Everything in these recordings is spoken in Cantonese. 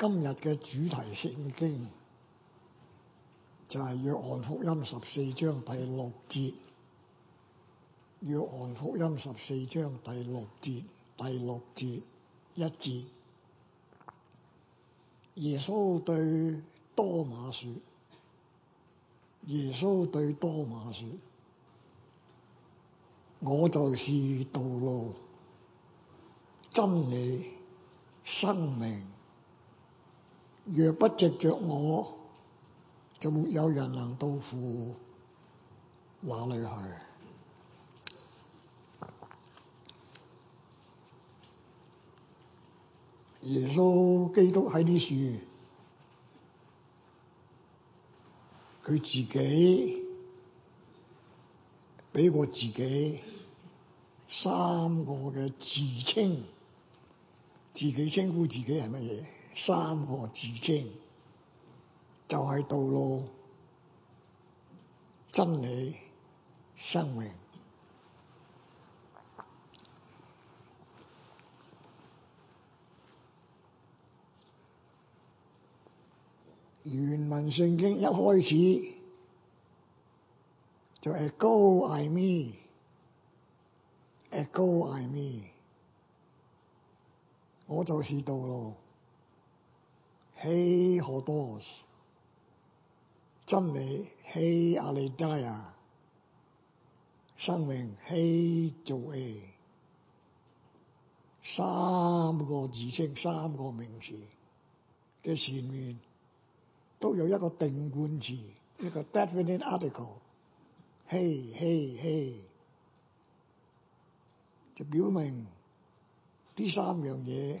今日嘅主題聖經就係約翰福音十四章第六節，約翰福音十四章第六節第六節一節，耶穌對多馬說，耶穌對多馬說，我就是道路、真理、生命。若不藉着我，就沒有人能到父那裏去。耶穌基督喺啲樹，佢自己俾過自己三個嘅自稱，自己稱呼自己係乜嘢？三個自稱就係、是、道路、真理、生命。原文聖經一開始就係、e、ego eimi，ego eimi，我就是道路。喺 hodos，hey, 真理 hey 阿里得啊，hey, 生命 hey zoe，三個自稱三個名詞嘅前面，都有一個定冠詞一個 definite article，hey hey hey，就表明呢三樣嘢。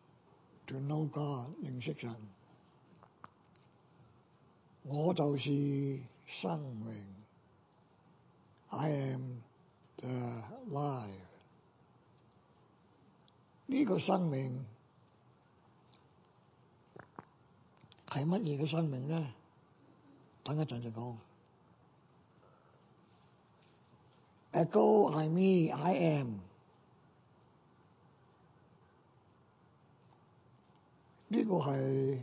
to know God，認識神，我就是生命。I am the life。呢個生命係乜嘢嘅生命呢？等一陣就講。Echo, I'm me, I am. 呢個係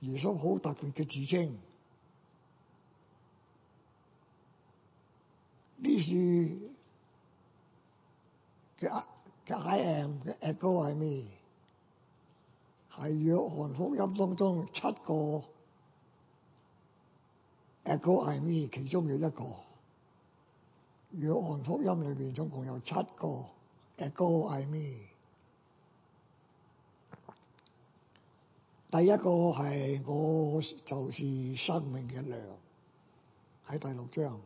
耶穌好特別嘅自稱呢是嘅 I am 嘅 Echo I ME 係約翰福音當中七個 Echo I me 其中有一個，約翰福音裏邊總共有七個 Echo I me。第一個係我就是生命嘅糧，喺第六章。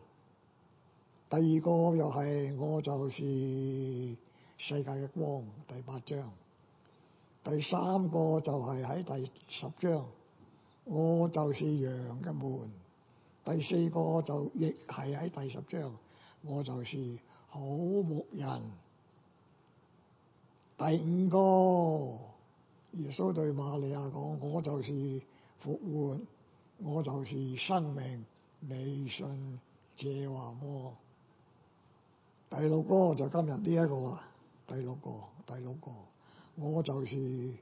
第二個又係我就是世界嘅光，第八章。第三個就係喺第十章，我就是羊嘅門。第四個就亦係喺第十章，我就是好牧人。第五個。耶穌對瑪利亞講：我就是復活，我就是生命，你信這話麼？第六個就今日呢一個，第六個，第六個，我就是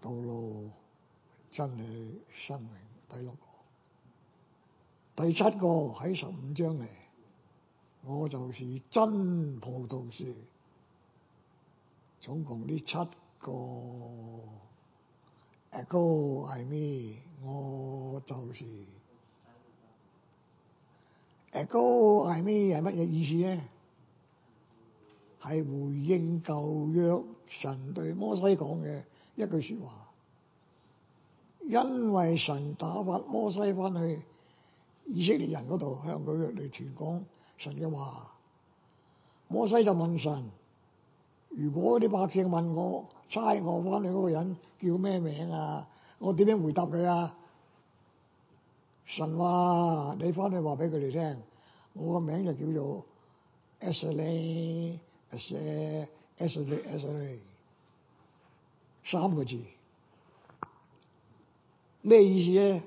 道路、真理、生命，第六個。第七個喺十五章嚟，我就是真葡萄樹。總共呢七個 ego eimi，我就是 ego eimi，係乜嘢意思咧？係回應舊約神對摩西講嘅一句說話。因為神打發摩西翻去以色列人度，向佢哋傳講神嘅話，摩西就問神。如果啲百姓問我差我翻嚟嗰個人叫咩名啊？我點樣回答佢啊？神話你翻去話俾佢哋聽，我個名就叫做 S L S LA, S, LA, S, LA, S, LA, S LA, 三個字，咩意思咧？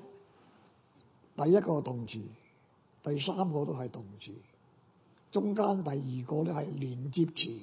第一個動詞，第三個都係動詞，中間第二個咧係連接詞。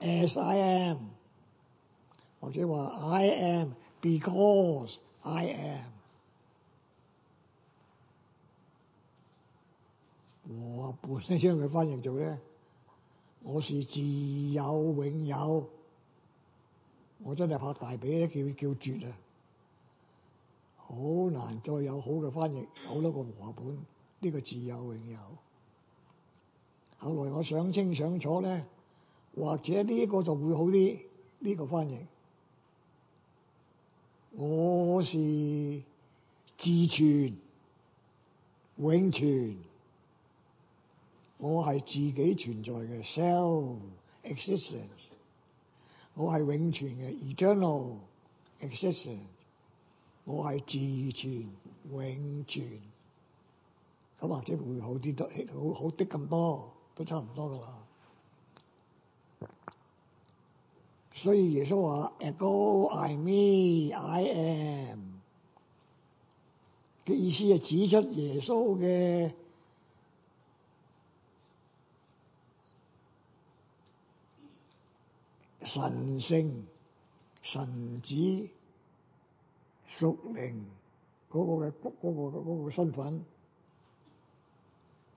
As I am，或者話 I am because I am。和合本咧，將佢翻譯做咧，我是自有永有，我真係拍大髀咧，叫叫絕啊！好難再有好嘅翻譯，好多個和合本呢、這個自有永有。後來我想清想楚咧。或者呢個就會好啲，呢、呢個翻譯，我是自存永存，我係自己存在嘅 self existence。我係永存嘅，eternal existence。我係自存永存，咁或者會好啲都好好啲咁多都差唔多噶啦。所以耶穌話：Ego, I me, I am。嘅意思係指出耶穌嘅神聖神子屬靈、嗰個嘅谷、嗰個個身份。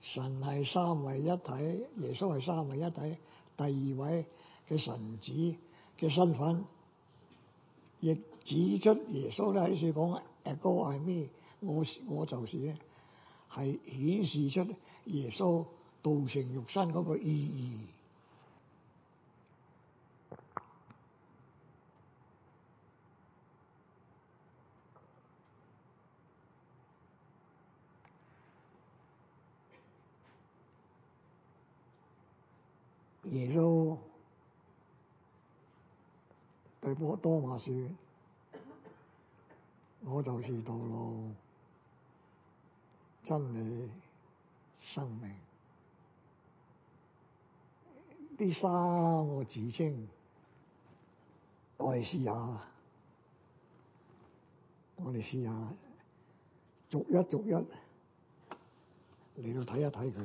神係三位一體，耶穌係三位一體，第二位嘅神子。嘅身份，亦指出耶穌咧喺處講阿哥係咩？我我就是咧，係顯示出耶穌道成肉身嗰個意義。耶穌。去播多馬說，我就是道路、真理、生命，呢三個自稱。我哋試下，我哋試下，逐一逐一嚟到睇一睇佢。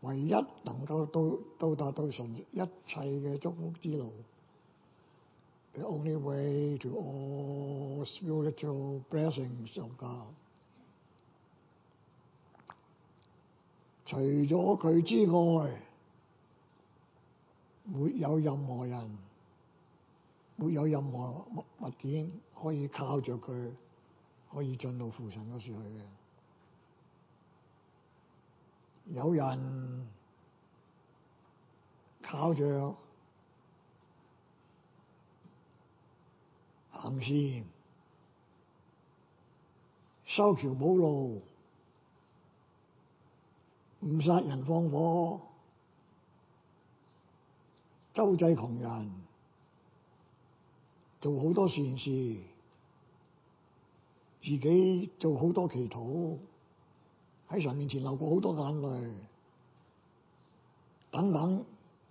唯一能夠到到達到神一切嘅祝福之路，the only way to all spiritual blessings of God。除咗佢之外，沒有任何人，沒有任何物物件可以靠著佢，可以進到父神嗰處去嘅。有人靠着行善、修橋補路、唔殺人放火、周濟窮人，做好多善事，自己做好多祈禱。喺神面前流過好多眼淚等等呢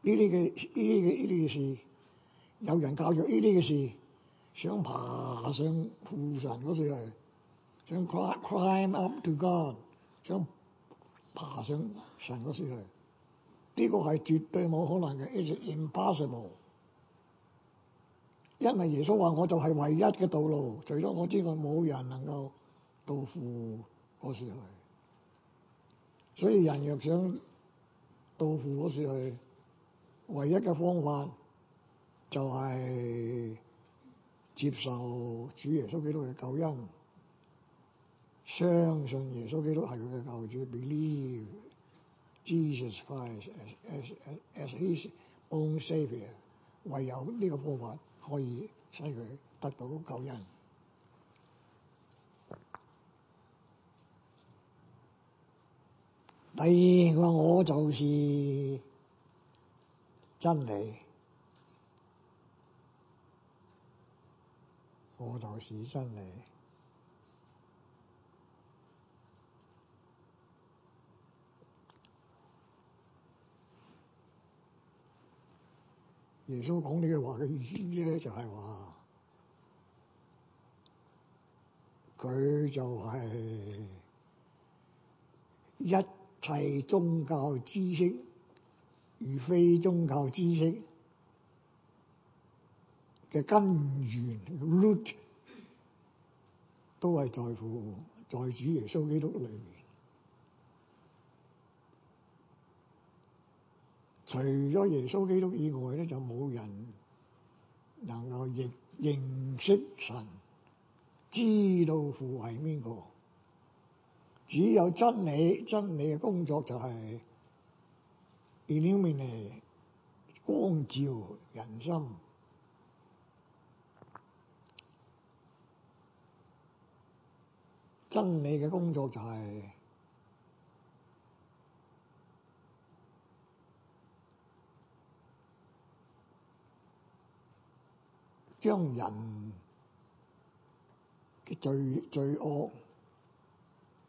啲嘅呢啲嘅呢啲嘅事，有人教咗呢啲嘅事，想爬上父神嗰處去，想 climb up to God，想爬上神嗰處去，呢個係絕對冇可能嘅，it's impossible。因為耶穌話：我就係唯一嘅道路，除咗我之外，冇人能夠到父嗰處去所以人若想到父嗰處去，唯一嘅方法就係接受主耶穌基督嘅救恩，相信耶穌基督係佢嘅救主，believe Jesus Christ as as, as His own saviour。唯有呢個方法可以使佢得到救恩。第二，我我就是真理，我就是真理。耶穌講呢句話嘅意思咧，就係話佢就係一。係宗教知識，與宗教知識嘅根源 root，都係在乎在主耶穌基督裏面。除咗耶穌基督以外咧，就冇人能夠認認識神，知道父係邊個。只有真理，真理嘅工作就係以啲面嚟光照人心。真理嘅工作就係、是、將人嘅罪罪惡。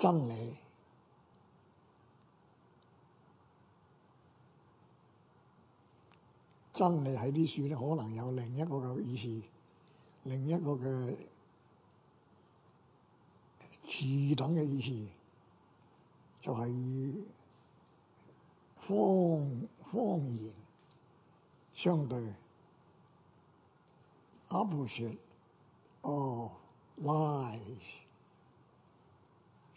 真理，真理喺呢處咧，可能有另一個嘅意思，另一個嘅次等嘅意思，就係、是、與謊謊言相對 opposite of lie。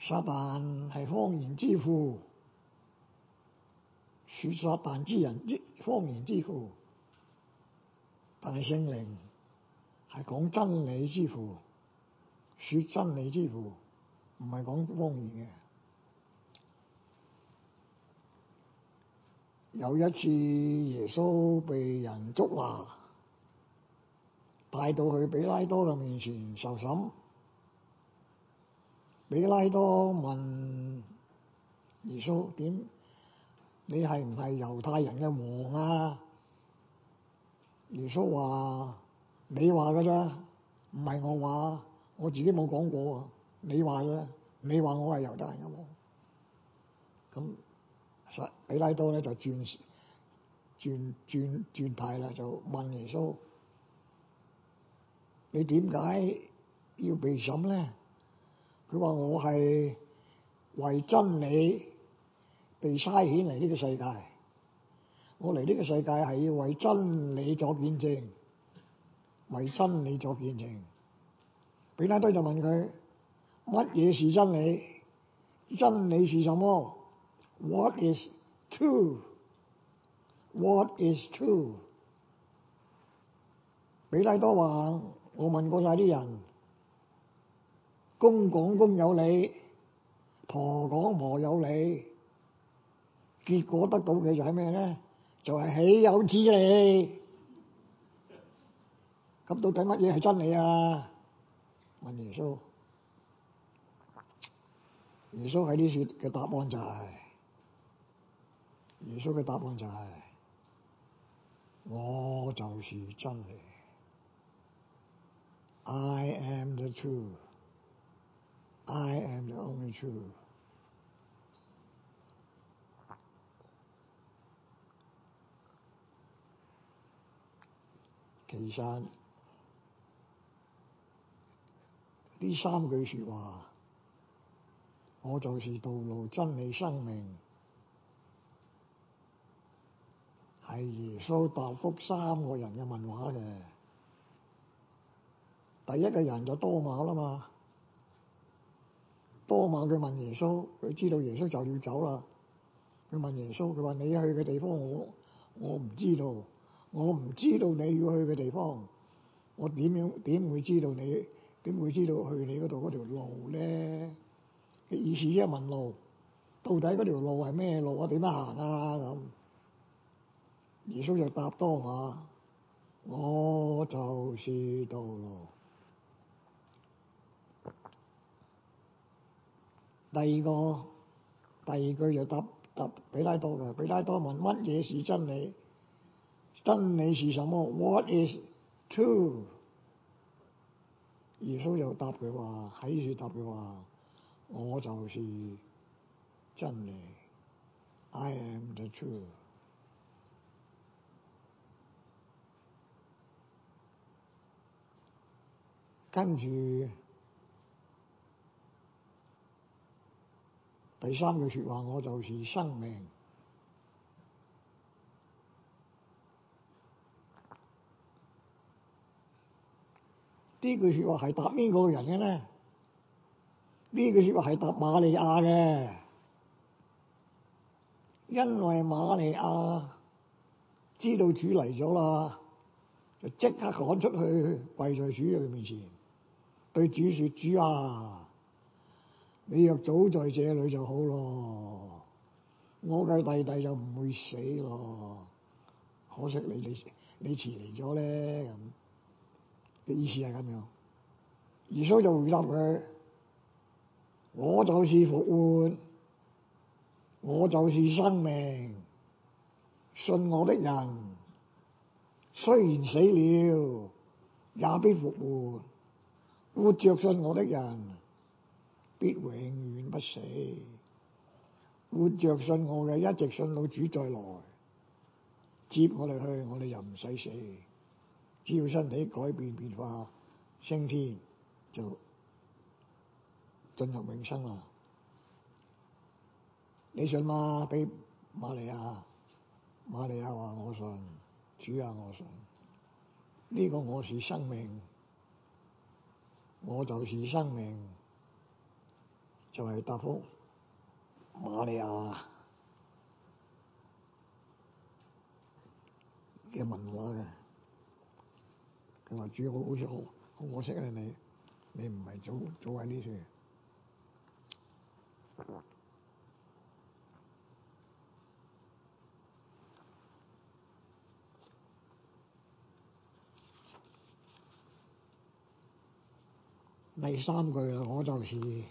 撒旦係謊言之父，屬撒旦之人，啲謊言之父，但係聖靈係講真理之父，屬真理之父，唔係講謊言嘅。有一次，耶穌被人捉拿，帶到去比拉多嘅面前受審。比拉多問耶穌點？你係唔係猶太人嘅王啊？耶穌話：你話嘅啦，唔係我話，我自己冇講過你話嘅，你話我係猶太人嘅王。咁，比拉多咧就轉轉轉轉，轉態啦，就問耶穌：你點解要被審咧？佢話我係為真理被差遣嚟呢個世界，我嚟呢個世界係要為真理作見證，為真理作見證。比拉多就問佢：乜嘢是真理？真理是什麼？What is true？What is true？比拉多話：我問過晒啲人。公講公有理，婆講婆有理，結果得到嘅就係咩咧？就係豈有此理？咁到底乜嘢係真理啊？問耶穌，耶穌喺呢處嘅答案就係，耶穌嘅答案就係，我就是真理。I am the truth。I am the only true。其實呢，三句說話我就是道路、真理、生命，係耶穌答覆三個人嘅問話嘅。第一個人就多馬啦嘛。多晚佢問耶穌，佢知道耶穌就要走啦。佢問耶穌，佢話：「你去嘅地方我我唔知道，我唔知道你要去嘅地方，我點樣點會知道你點會知道去你度條路咧？佢意思即係問路，到底條路係咩路啊？點樣行啊咁？耶穌就答多馬話，我就是道路。第二個，第二句就答答彼拉多嘅，彼拉多問乜嘢是真理？真理是什麼？What is true？耶穌又答佢話，喺呢處答佢話，我就是真理。I am the truth。跟住。第三句說話，我就是生命。呢句說話係答邊個人嘅呢？呢句說話係答馬利亞嘅，因為馬利亞知道主嚟咗啦，就即刻趕出去，跪在主嘅面前，對主說：主啊！你若早在這裏就好咯，我嘅弟弟就唔會死咯。可惜你你你遲嚟咗咧，咁嘅意思係咁樣。耶穌就回答佢：我就是復活，我就是生命。信我的人，雖然死了，也必復活。活着信我的人。必永遠不死，活着信我嘅，一直信到主再來接我哋去，我哋又唔使死，只要身體改變變化升天就進入永生啦。你信嗎？俾瑪利亞，瑪利亞話我信主啊，我信呢個我是生命，我就是生命。就係答覆瑪利亞嘅問話嘅，佢話：主好，好似好可惜啊！你你唔係做做喺呢處。 第三句啦，我就是。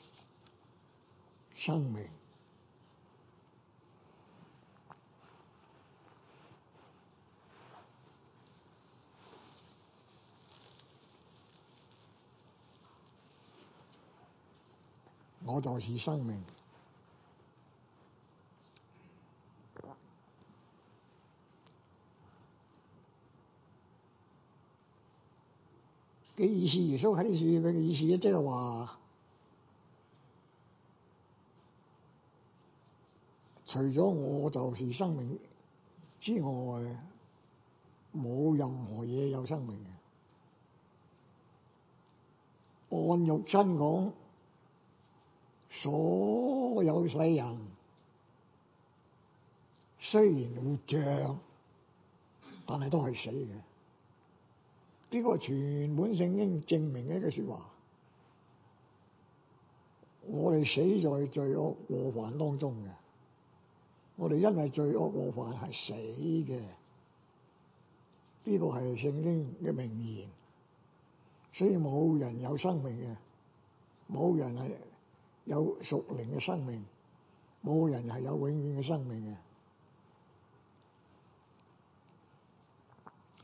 生命，我就是生命嘅 意思，耶穌，耶穌喺度嘅意思，即係話。除咗我就是生命之外，冇任何嘢有生命嘅。按肉身講，所有世人雖然活着，但係都係死嘅。呢、這個全本聖經證明嘅一句說話，我哋死在罪惡過犯當中嘅。我哋因為罪惡過犯係死嘅，呢個係聖經嘅名言，所以冇人有生命嘅，冇人係有屬靈嘅生命，冇人係有永遠嘅生命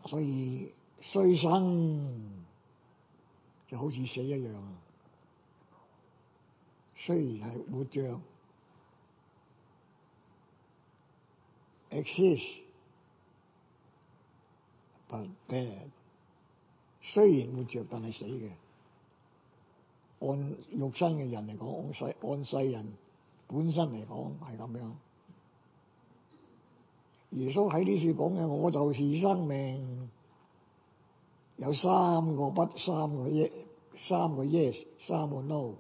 嘅，所以衰生就好似死一樣啊！雖然係活著。Exist，but dead 雖然活着，但係死嘅。按肉身嘅人嚟講，世按世人本身嚟講係咁樣。耶穌喺呢處講嘅，我就是生命。有三個不，三個耶、yes，三個 yes，三個 no。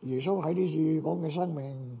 耶穌喺呢處講嘅生命。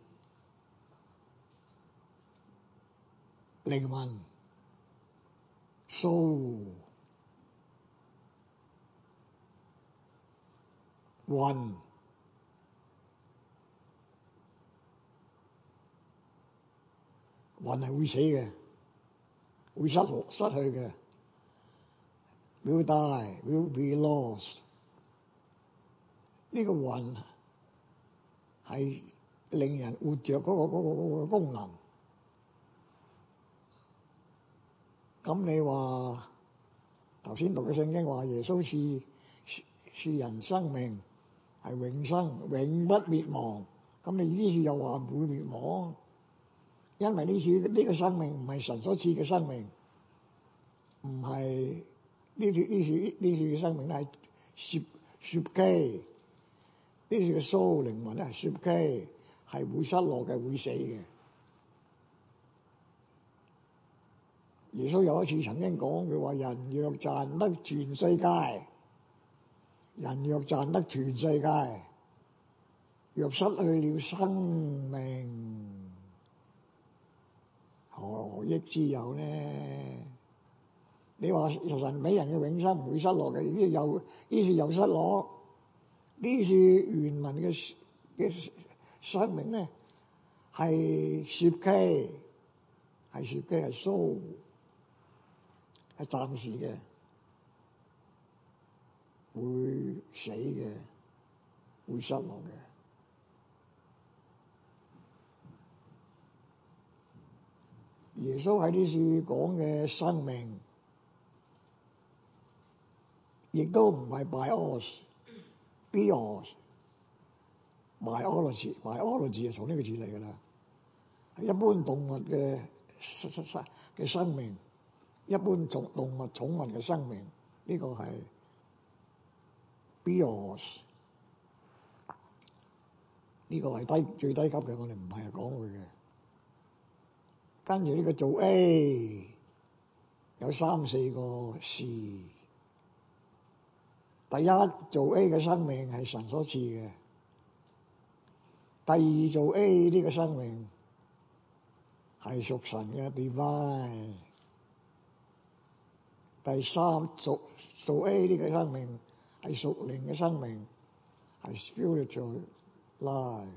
靈魂，soul，魂魂係會死嘅，會失落失去嘅，will die, will be lost。呢個魂係令人活着嗰個嗰個功能。咁你話頭先讀嘅聖經話耶穌賜賜人生命係永生，永不滅亡，咁你呢次又話唔會滅亡，因為呢次呢個生命唔係神所賜嘅生命，唔係呢次呢次呢次嘅生命咧係攝攝基，呢次嘅蘇靈魂咧係蝕基，係會失落嘅，會死嘅。耶穌有一次曾經講，佢話人若賺得全世界，人若賺得全世界，若失去了生命，何益之有呢？你話人神俾人嘅永生唔會失落嘅，呢次又呢次又失落，呢次原文嘅嘅生命咧係説溪」，係説溪」係蘇係暫時嘅，會死嘅，會失落嘅。耶穌喺呢次講嘅生命，亦都唔係 myos，bios，myology，myology 字就從呢個字嚟㗎喇。係一般動物嘅嘅生命。一般寵動物、寵物嘅生命，呢、這個係 bios 呢個係低最低級嘅，我哋唔係講佢嘅。跟住呢個做 A，有三四個事。第一做 A 嘅生命係神所賜嘅，第二做 A 呢個生命係屬神嘅 Divine。第三做做 A 呢個生命係屬靈嘅生命，係 spiritual life。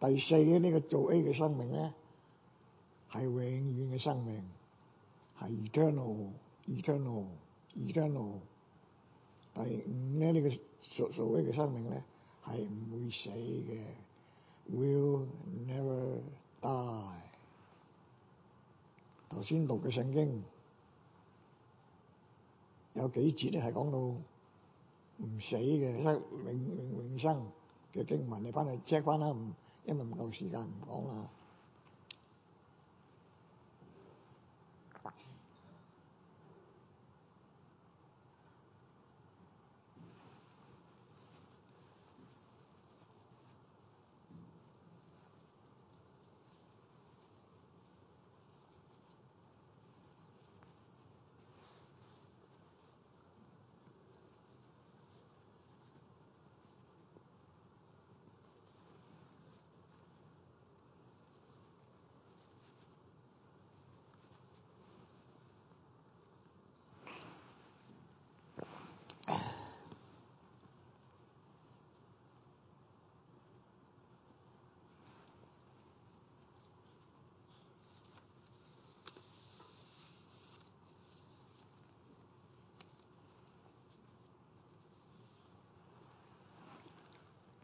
第四咧呢、這個做 A 嘅生命咧係永遠嘅生命，係、e、eternal，eternal，eternal。第五咧呢、這個做做 A 嘅生命咧係唔會死嘅，will never die。頭先讀嘅聖經。有幾節咧係講到唔死嘅，得永永永生嘅經文，你翻去 check 翻啦，唔因為唔夠時間，唔講啦。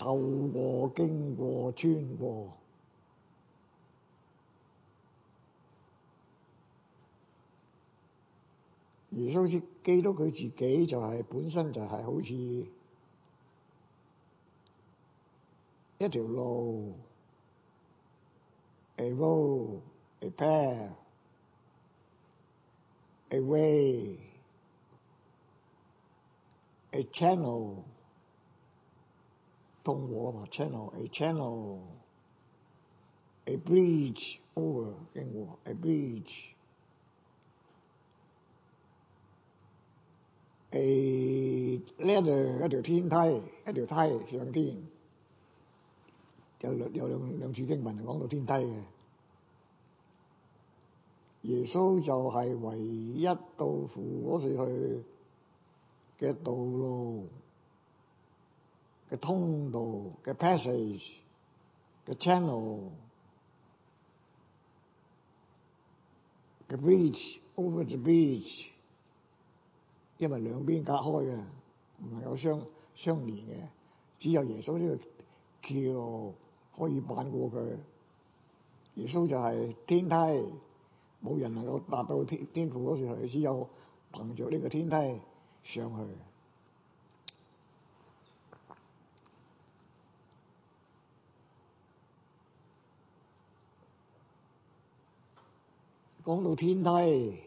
透過、經過、穿過，而好似基督佢自己就係、是、本身就係好似一條路，a road，a path，a way，a channel。通過嘛，channel，a channel，a bridge，over，經過，a bridge，a 呢就一條天梯，一條梯上天，有兩有兩兩處經文講到天梯嘅，耶穌就係唯一到父嗰處去嘅道路。嘅通道嘅 passage 嘅 channel 嘅 bridge over the bridge，因為兩邊隔開嘅，唔係有相相連嘅，只有耶穌呢個橋可以闖過佢。耶穌就係天梯，冇人能夠達到天天父嗰處，只有憑著呢個天梯上去。講到天梯，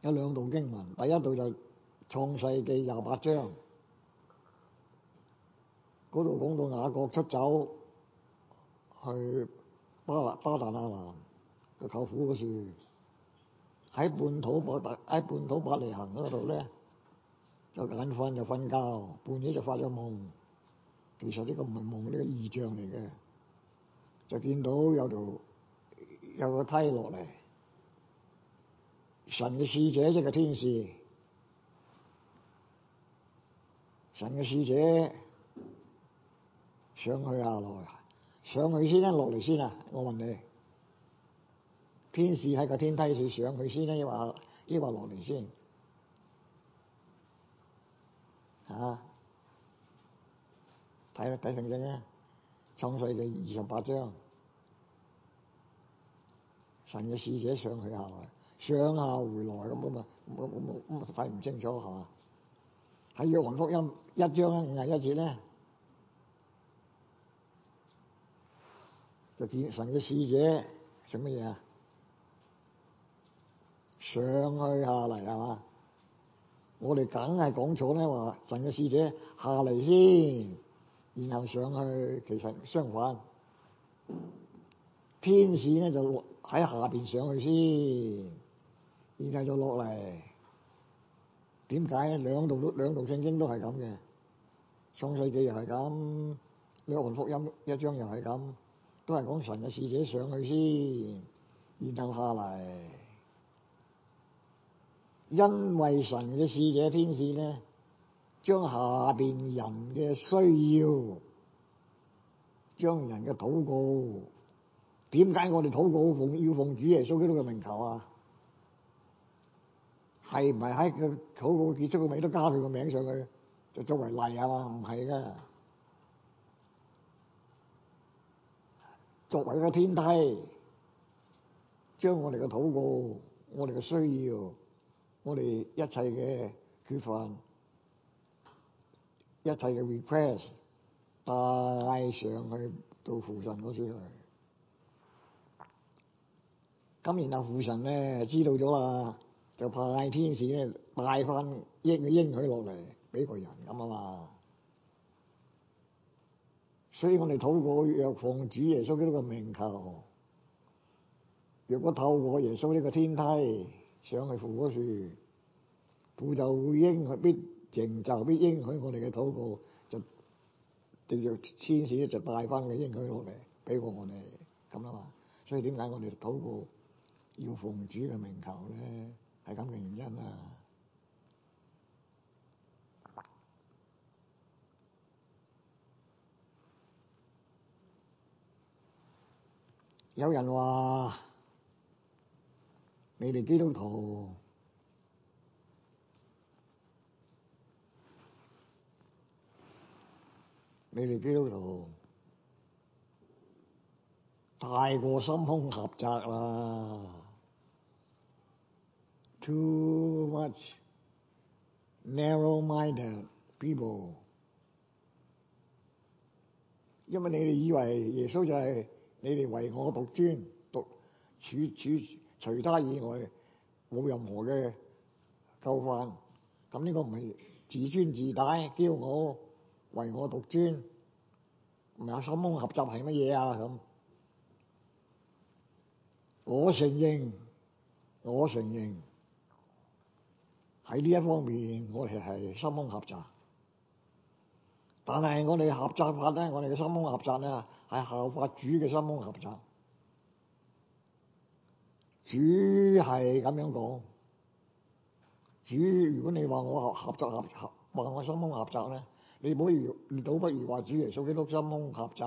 有兩道經文。第一道就創世記廿八章，嗰度講到雅各出走去巴旦巴旦亞蘭嘅舅父嗰處，喺半途伯喺半途伯特利行嗰度咧，就眼瞓就瞓覺，半夜就發咗夢。其實呢個唔係夢，呢、呢個異象嚟嘅，就見到有度。有個梯落嚟，神嘅使者即係天使，神嘅使者上去落嚟，上去先啊，落嚟先啊，我問你，天使喺個天梯，上去先啊，抑或抑或落嚟先？啊，睇睇聖經啊，創世記二十八章。神嘅使者上去下來，上下回來咁啊嘛，咁咁咁睇唔清楚係嘛？喺《約翰福音》一章五十一節咧，就見神嘅使者做乜嘢啊？上去下嚟係嘛？我哋梗係講錯咧，話神嘅使者下嚟先，然後上去，其實相反，天使咧就喺下邊上去先，然之後落嚟。點解？兩度都兩度聖經都係咁嘅，創世紀又係咁，約翰福音一章又係咁，都係講神嘅使者上去先，然後下嚟。因為神嘅使者天使咧，將下邊人嘅需要，將人嘅禱告。點解我哋禱告奉要奉主耶穌基督嘅名求啊？係唔係喺個禱告結束嘅尾都加佢個名上去，就作為例啊嘛？唔係噶，作為一個天梯，將我哋嘅禱告、我哋嘅需要、我哋一切嘅缺乏、一切嘅 request 帶上去到父神嗰處去。咁然後父神咧知道咗啊，就派天使咧帶翻應佢應許落嚟俾個人咁啊嘛，所以我哋禱告若奉主耶穌呢個名求，若果透過耶穌呢個天梯上去父果樹，父就應佢必成就必應許我哋嘅禱告，就叫天使咧就帶翻嘅應許落嚟俾我我哋咁啊嘛，所以點解我哋禱告？要奉主嘅名求咧，係咁嘅原因啊！有人話：你哋基督徒，你哋基督徒，太過心胸狹窄啦！Too much narrow-minded people，因為你哋以為耶穌就係你哋唯我獨尊，獨處處除他以外冇任何嘅救贖，咁呢個唔係自尊自大、叫我唯我獨尊，唔係心胸狹窄，係乜嘢啊？咁我承認，我承認。喺呢一方面，我哋係三空合集，但係我哋合集法咧，我哋嘅三空合集咧，係效法主嘅三空合集。主係咁樣講，主，如果你話我合合集合合，話我三空合集咧，你唔好如，你倒不如話主耶穌基督三空合集，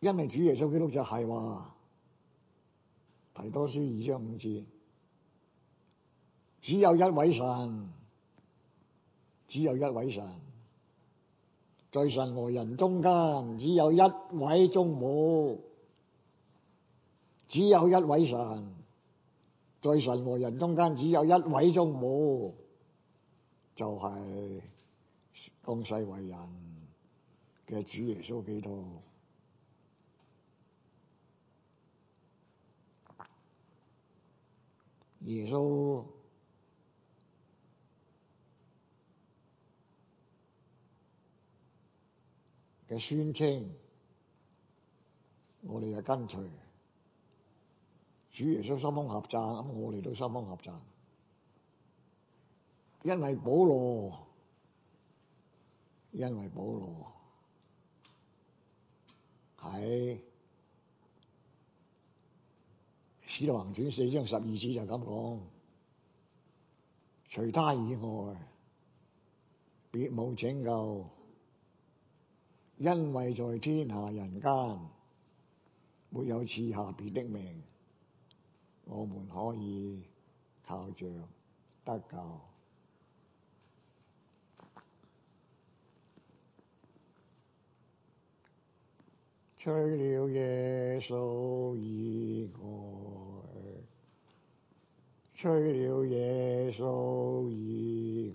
因為主耶穌基督就係話提多書二章五節。只有一位神，只有一位神，在神和人中間，只有一位中保。只有一位神，在神和人中間，只有一位中保，就係降世為人嘅主耶穌基督，耶穌，嘅宣稱，我哋就跟隨主耶穌三方合贊，咁我哋都三方合贊，因為保羅，因為保羅喺使徒行傳四章十二節就咁講，除他以外，別冇拯救。因為在天下人間，沒有賜下別的名，我們可以靠着得救。吹了耶穌以外，吹了耶穌以。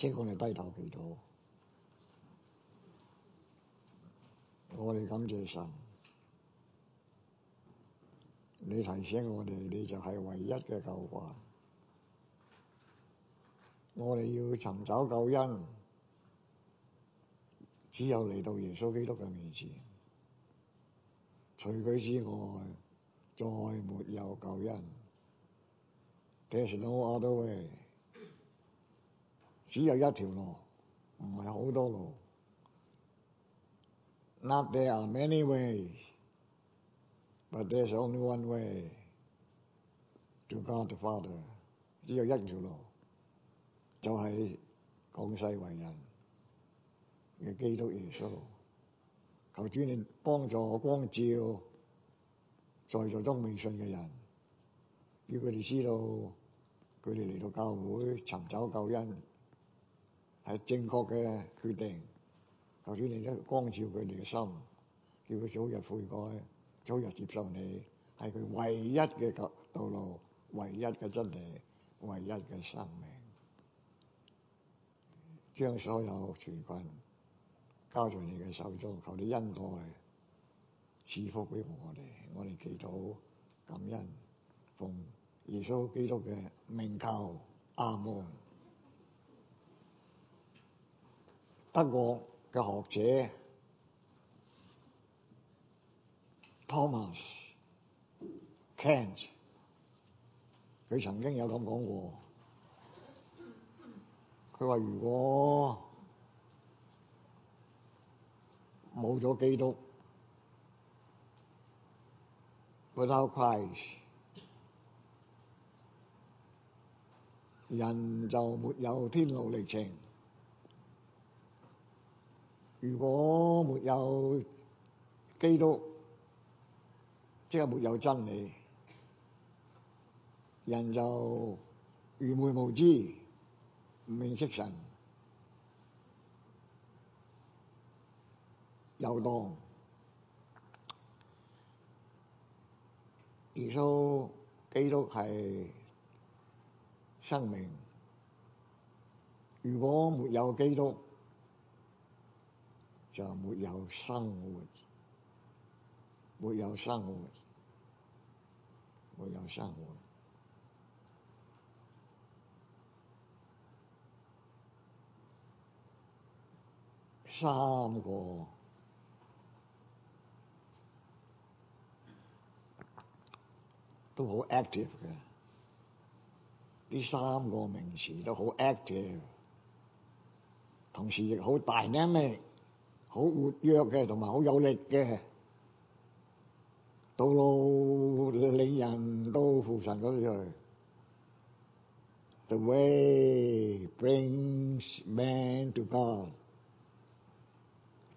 請管你低頭祈禱，我哋感謝神。你提醒我哋，你就係唯一嘅救主。我哋要尋找救恩，只有嚟到耶穌基督嘅面前。除佢之外，再沒有救恩。There's no other way. 只有一條路，唔係好多路。Not there are many ways, but there's only one way to God the Father。只有一條路，就係、是、降世為人嘅基督耶穌。求主你幫助光照，在座中未信嘅人，如果你知道，佢哋嚟到教會尋找救恩。係正確嘅決定，求主你啲光照佢哋嘅心，叫佢早日悔改，早日接受你，係佢唯一嘅道路，唯一嘅真理，唯一嘅生命。將所有罪棍交在你嘅手中，求你恩待，賜福俾我哋，我哋祈禱感恩，奉耶穌基督嘅名求。阿門。德國嘅學者 Thomas Kants，佢曾經有咁講過，佢話：如果冇咗基督，Without Christ，人就沒有天路歷程。如果沒有基督，即係沒有真理，人就愚昧無知，唔認識神，遊蕩。耶穌基督係生命。如果沒有基督，又沒有生活，沒有生活，沒有生活。三個都好 active 嘅，呢三個名詞都好 active，同時亦好 dynamic。好活躍嘅，同埋好有力嘅，道路領人到父神嗰度。The way brings man to God。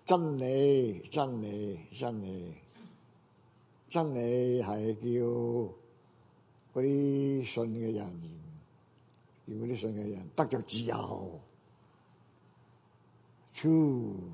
真理，真理，真理，真理係叫嗰啲信嘅人，叫嗰啲信嘅人得着自由。True。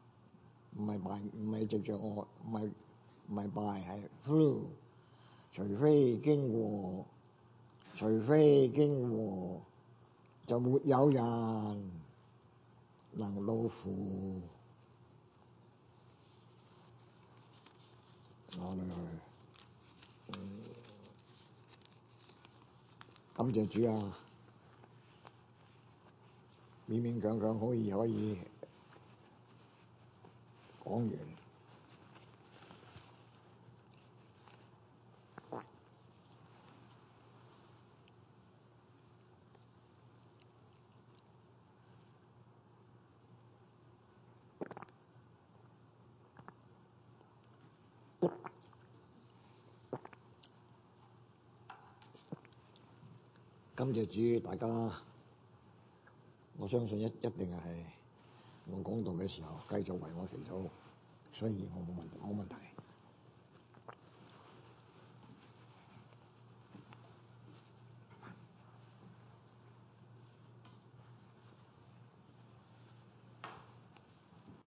唔係敗，唔係直接惡，唔係唔係敗，係除非經過，除非經過，就沒有人能到父。我哋去，感謝主啊！勉勉強強可以，可以。講完，今朝早大家，我相信一一定係。我講道嘅時候，繼續為我祈禱，所以我冇問題冇問題。